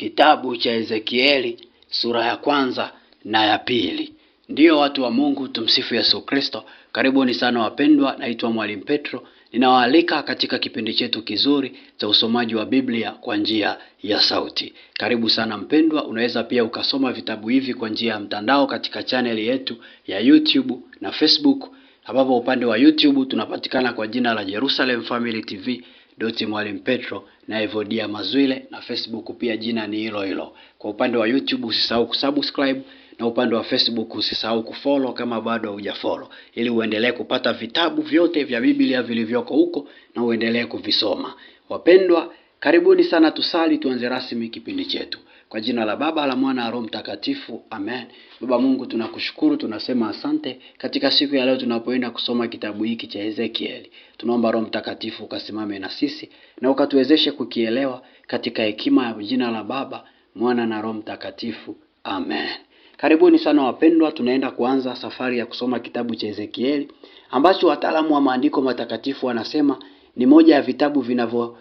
Kitabu cha Ezekieli sura ya kwanza na ya pili. Ndiyo watu wa Mungu, tumsifu Yesu Kristo. Karibuni sana wapendwa, naitwa Mwalimu Petro, ninawaalika katika kipindi chetu kizuri cha usomaji wa Biblia kwa njia ya sauti. Karibu sana mpendwa, unaweza pia ukasoma vitabu hivi kwa njia ya mtandao katika chaneli yetu ya YouTube na Facebook, ambapo upande wa YouTube tunapatikana kwa jina la Jerusalem Family TV doti Mwalimu Petro na Evodia Mazwile, na Facebook pia jina ni hilo hilo. Kwa upande wa YouTube usisahau kusubscribe na upande wa Facebook usisahau kufollow kama bado hujafollow, ili uendelee kupata vitabu vyote vya Biblia vilivyoko huko na uendelee kuvisoma. Wapendwa, karibuni sana, tusali tuanze rasmi kipindi chetu. Kwa jina la Baba la Mwana na Roho Mtakatifu, amen. Baba Mungu, tunakushukuru, tunasema asante katika siku ya leo tunapoenda kusoma kitabu hiki cha Ezekieli. Tunaomba Roho Mtakatifu ukasimame na sisi na ukatuwezeshe kukielewa katika hekima ya jina la Baba, Mwana na Roho Mtakatifu, amen. Karibuni sana wapendwa, tunaenda kuanza safari ya kusoma kitabu cha Ezekieli ambacho wataalamu wa maandiko matakatifu wanasema ni moja ya vitabu vinavyo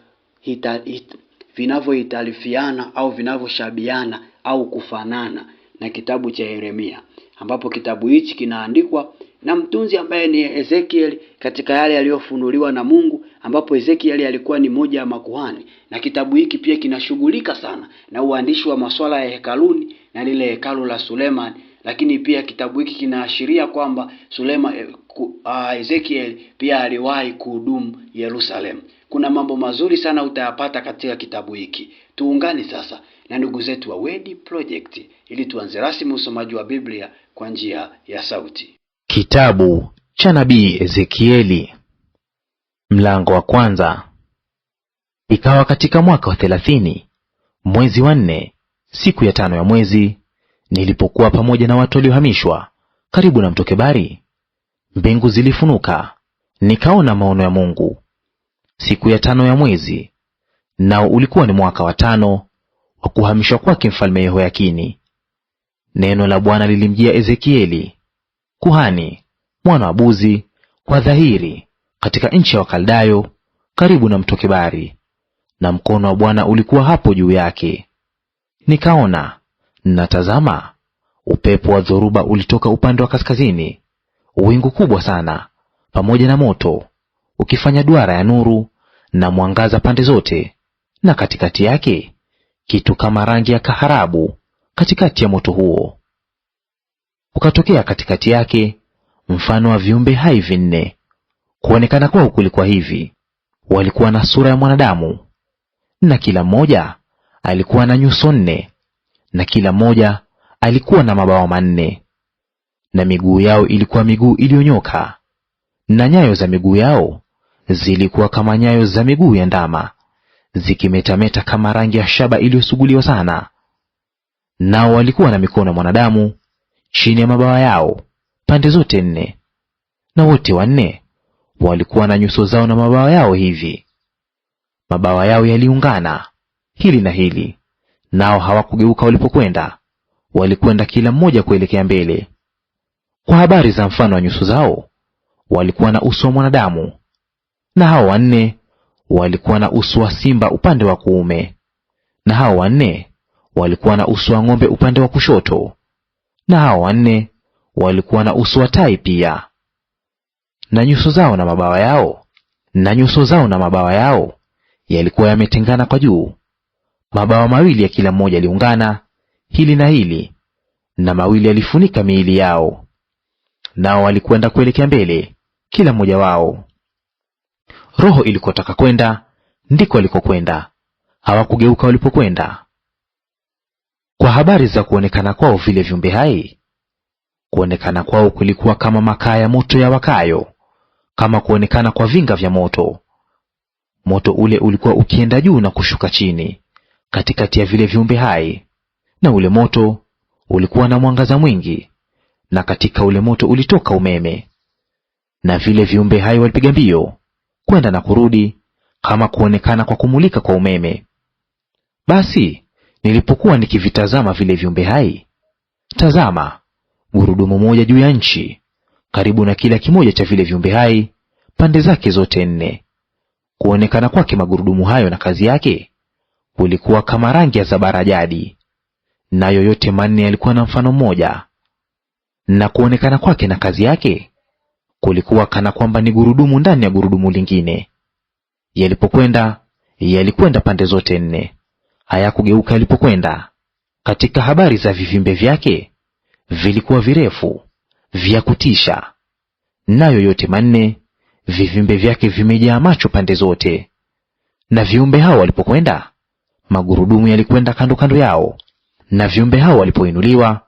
vinavyoitarifiana au vinavyoshabiana au kufanana na kitabu cha Yeremia, ambapo kitabu hichi kinaandikwa na mtunzi ambaye ni Ezekiel katika yale yaliyofunuliwa na Mungu, ambapo Ezekiel alikuwa ni moja ya makuhani, na kitabu hiki pia kinashughulika sana na uandishi wa masuala ya hekaluni na lile hekalu la suleman lakini pia kitabu hiki kinaashiria kwamba Sulema, eh, uh, ah, Ezekiel pia aliwahi kuhudumu Yerusalemu. Kuna mambo mazuri sana utayapata katika kitabu hiki. Tuungane sasa na ndugu zetu wa Word Project ili tuanze rasmi usomaji wa Biblia kwa njia ya sauti. Kitabu cha nabii Ezekieli mlango wa kwanza. Ikawa katika mwaka wa thelathini mwezi wa nne siku ya tano ya mwezi, nilipokuwa pamoja na watu waliohamishwa karibu na mto Kebari, mbingu zilifunuka, nikaona maono ya Mungu siku ya tano ya mwezi, nao ulikuwa ni mwaka wa tano wa kuhamishwa kwake mfalme Yehoyakini. Neno la Bwana lilimjia Ezekieli kuhani mwana wa Buzi kwa dhahiri katika nchi ya Wakaldayo karibu na mto Kebari, na mkono wa Bwana ulikuwa hapo juu yake. Nikaona natazama, upepo wa dhoruba ulitoka upande wa kaskazini, wingu kubwa sana, pamoja na moto ukifanya duara ya nuru na mwangaza pande zote, na katikati yake kitu kama rangi ya kaharabu katikati ya moto huo. ukatokea katikati yake mfano wa viumbe hai vinne. Kuonekana kwao kulikuwa hivi: walikuwa na sura ya mwanadamu, na kila mmoja alikuwa na nyuso nne, na kila mmoja alikuwa na mabawa manne. Na miguu yao ilikuwa miguu iliyonyoka, na nyayo za miguu yao zilikuwa kama nyayo za miguu ya ndama, zikimetameta kama rangi ya shaba iliyosuguliwa sana. Nao walikuwa na mikono ya mwanadamu chini ya mabawa yao pande zote nne, na wote wanne walikuwa na nyuso zao na mabawa yao hivi. Mabawa yao yaliungana hili na hili, nao hawakugeuka walipokwenda; walikwenda kila mmoja kuelekea mbele. Kwa habari za mfano wa nyuso zao, walikuwa na uso wa mwanadamu na hao wanne walikuwa na uso wa simba upande wa kuume, na hao wanne walikuwa na uso wa ng'ombe upande wa kushoto, na hao wanne walikuwa na uso wa tai pia. Na nyuso zao na mabawa yao na nyuso zao na mabawa yao yalikuwa yametengana kwa juu, mabawa mawili ya kila mmoja yaliungana hili na hili, na mawili yalifunika miili yao. Nao walikwenda kuelekea mbele kila mmoja wao. Roho ilikotaka kwenda ndiko alikokwenda, hawakugeuka walipokwenda. Kwa habari za kuonekana kwao vile viumbe hai, kuonekana kwao kulikuwa kama makaa ya moto ya wakayo, kama kuonekana kwa vinga vya moto. Moto ule ulikuwa ukienda juu na kushuka chini katikati ya vile viumbe hai, na ule moto ulikuwa na mwangaza mwingi, na katika ule moto ulitoka umeme. Na vile viumbe hai walipiga mbio kwenda na kurudi kama kuonekana kwa kumulika kwa umeme. Basi nilipokuwa nikivitazama vile viumbe hai, tazama, gurudumu moja juu ya nchi, karibu na kila kimoja cha vile viumbe hai, pande zake zote nne. Kuonekana kwake magurudumu hayo na kazi yake kulikuwa kama rangi ya zabarajadi, nayo yote manne yalikuwa na mfano mmoja. Na kuonekana kwake na kazi yake kulikuwa kana kwamba ni gurudumu ndani ya gurudumu lingine. Yalipokwenda yalikwenda pande zote nne, hayakugeuka yalipokwenda. Katika habari za vivimbe vyake vilikuwa virefu vya kutisha, nayo yote manne vivimbe vyake vimejaa macho pande zote. Na viumbe hao walipokwenda, magurudumu yalikwenda kando kando yao, na viumbe hao walipoinuliwa,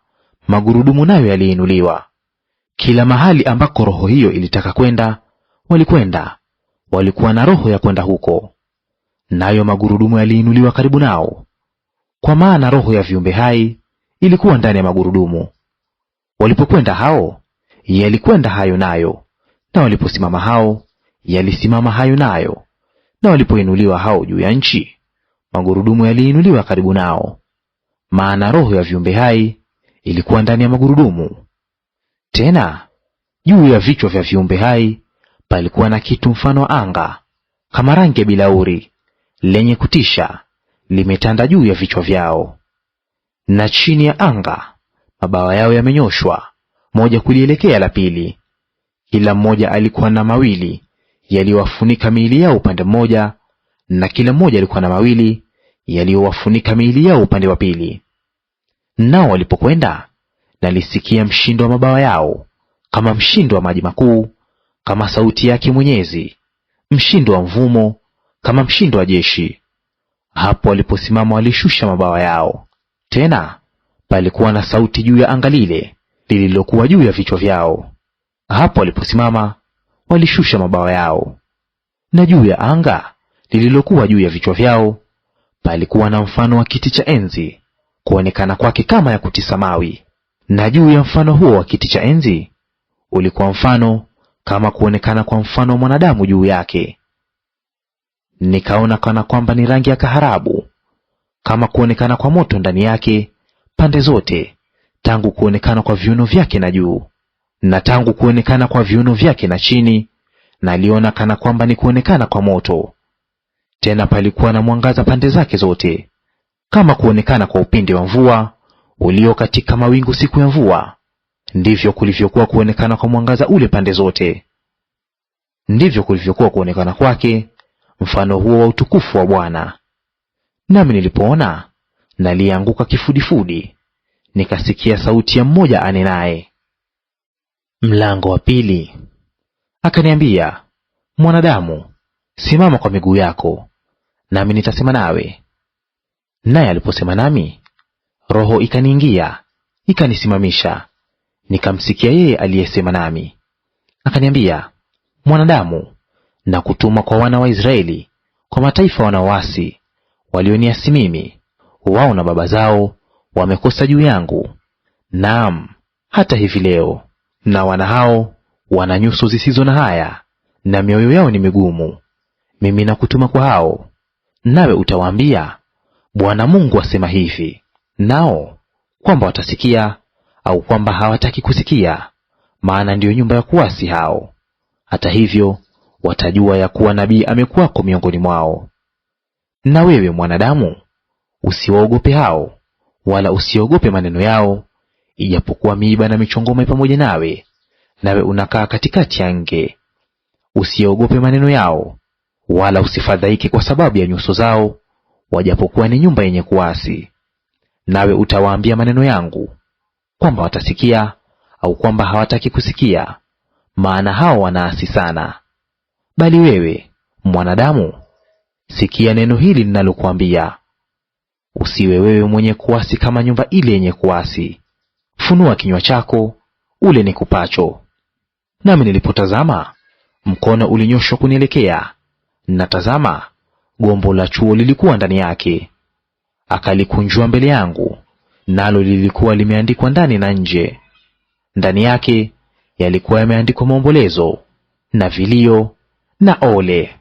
magurudumu nayo yaliinuliwa. Kila mahali ambako roho hiyo ilitaka kwenda, walikwenda; walikuwa na roho ya kwenda huko. Nayo magurudumu yaliinuliwa karibu nao, kwa maana roho ya viumbe hai ilikuwa ndani ya magurudumu. Walipokwenda hao, yalikwenda hayo nayo; na waliposimama hao, yalisimama hayo nayo; na walipoinuliwa hao juu ya nchi, magurudumu yaliinuliwa karibu nao. Maana roho ya viumbe hai ilikuwa ndani ya magurudumu, tena juu ya vichwa vya viumbe hai palikuwa na kitu mfano wa anga kama rangi ya bilauri, lenye kutisha, limetanda juu ya vichwa vyao. Na chini ya anga mabawa yao yamenyoshwa, moja kulielekea la pili. Kila mmoja alikuwa na mawili yaliyowafunika miili yao upande mmoja, na kila mmoja alikuwa na mawili yaliyowafunika miili yao upande wa pili. Nao walipokwenda nalisikia mshindo wa mabawa yao kama mshindo wa maji makuu, kama sauti yake Mwenyezi, mshindo wa mvumo, kama mshindo wa jeshi. Hapo waliposimama walishusha mabawa yao. Tena palikuwa na sauti juu ya anga lile lililokuwa juu ya vichwa vyao. Hapo waliposimama walishusha mabawa yao. Na juu ya anga lililokuwa juu ya vichwa vyao palikuwa na mfano wa kiti cha enzi, kuonekana kwake kama ya kutisa mawi. Na juu ya mfano huo wa kiti cha enzi ulikuwa mfano kama kuonekana kwa mfano wa mwanadamu juu yake. Nikaona kana kwamba ni rangi ya kaharabu, kama kuonekana kwa moto ndani yake pande zote, tangu kuonekana kwa viuno vyake na juu, na tangu kuonekana kwa viuno vyake na chini, naliona kana kwamba ni kuonekana kwa moto. Tena palikuwa na mwangaza pande zake zote, kama kuonekana kwa upinde wa mvua ulio katika mawingu siku ya mvua, ndivyo kulivyokuwa kuonekana kwa mwangaza ule pande zote. Ndivyo kulivyokuwa kuonekana kwake mfano huo wa utukufu wa Bwana. Nami nilipoona, nalianguka kifudifudi, nikasikia sauti ya mmoja anenaye, mlango wa pili. Akaniambia, mwanadamu, simama kwa miguu yako, nami nitasema nawe. Naye aliposema nami Roho ikaniingia ikanisimamisha, nikamsikia yeye aliyesema nami. Akaniambia, mwanadamu, na kutuma kwa wana wa Israeli, kwa mataifa wanaoasi, walioniasi mimi, wao na baba zao wamekosa juu yangu, naam hata hivi leo. Na wana hao wana nyuso zisizo na haya, na mioyo yao ni migumu. Mimi nakutuma kwa hao, nawe utawaambia, Bwana Mungu asema hivi, nao kwamba watasikia au kwamba hawataki kusikia, maana ndiyo nyumba ya kuasi hao. Hata hivyo watajua ya kuwa nabii amekuwako miongoni mwao. Na wewe mwanadamu, usiwaogope hao, wala usiogope maneno yao, ijapokuwa miiba na michongoma pamoja nawe, nawe unakaa katikati ya nge. Usiogope maneno yao, wala usifadhaike kwa sababu ya nyuso zao, wajapokuwa ni nyumba yenye kuasi nawe utawaambia maneno yangu, kwamba watasikia au kwamba hawataki kusikia, maana hao wanaasi sana. Bali wewe mwanadamu, sikia neno hili ninalokuambia, usiwe wewe mwenye kuasi kama nyumba ile yenye kuasi. Funua kinywa chako ule ni kupacho Nami nilipotazama, mkono ulinyoshwa kunielekea, natazama, gombo la chuo lilikuwa ndani yake, akalikunjua mbele yangu, nalo lilikuwa limeandikwa ndani na nje. Ndani yake yalikuwa yameandikwa maombolezo na vilio na ole.